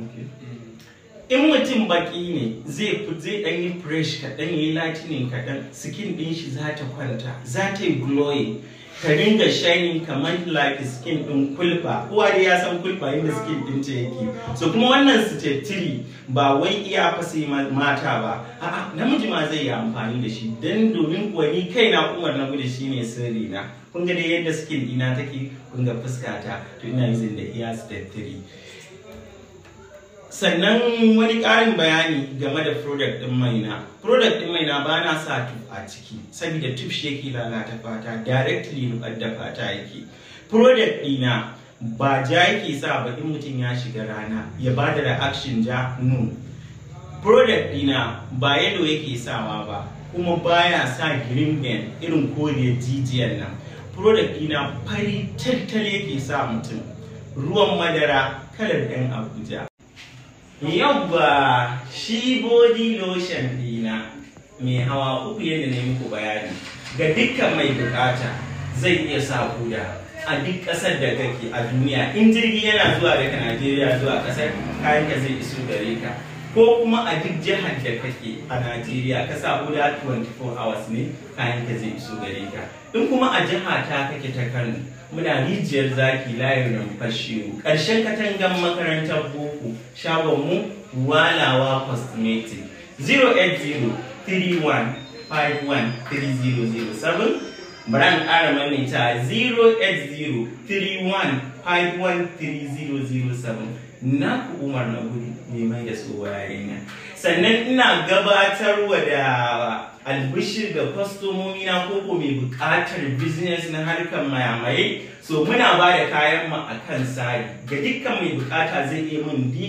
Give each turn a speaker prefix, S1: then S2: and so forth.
S1: Mm-hmm. in mutum baki ne zai zai dan yi fresh kaɗan yi lightning kaɗan skin ɗin shi za ta kwanta za ta yi glowing ka ringa shining kamar like skin ɗin kulfa kowa dai ya san kulfa yadda skin ɗin ta yake so kuma wannan sitettiri ba wai iya fasa mata ba a'a namiji ma zai yi amfani da shi don domin kuwa ni na umar shi shine sirri na kun ga dai yadda skin ɗina take kun ga ta to ina using da iya sitettiri sannan wani ƙarin bayani game da product ɗin maina product ɗin maina ba na sa tuf a ciki saboda tuf shi yake lalata fata directly nubar da fata yake product ɗina ba ja yake sa ba in mutum ya shiga rana ya ba da reaction ja no product ɗina ba yellow yake sawa ba kuma baya sa green band irin kore jijiyar nan product ɗina fari tattale yake sa mutum ruwan madara kalar ɗan abuja yabba shi body lotion dina mai hawa uku yadda na yi muku bayani ga dukkan mai bukata zai iya sa kuda a duk ƙasar da kake a duniya in jirgi yana zuwa daga najeriya zuwa ƙasar kayan ka zai iso gare ka ko kuma a duk jihar da kake a Najeriya ka sa guda 24 hours ne kayan ka zai iso gare ka in kuma a jiha ta kake ta Kano muna rijiyar zaki layin nan numfashi karshen katangan makarantar boko shagon mu walawa cosmetic 080 31 51 3007 bari an ƙara zero 08031513007 na ku umar na gudu ne mai da sannan ina gabatarwa da albishir ga kwastomomi na koko mai buƙatar business na harkar mayamaye so muna ba da kayan mu akan kan sari ga dukkan mai buƙata zai iya mun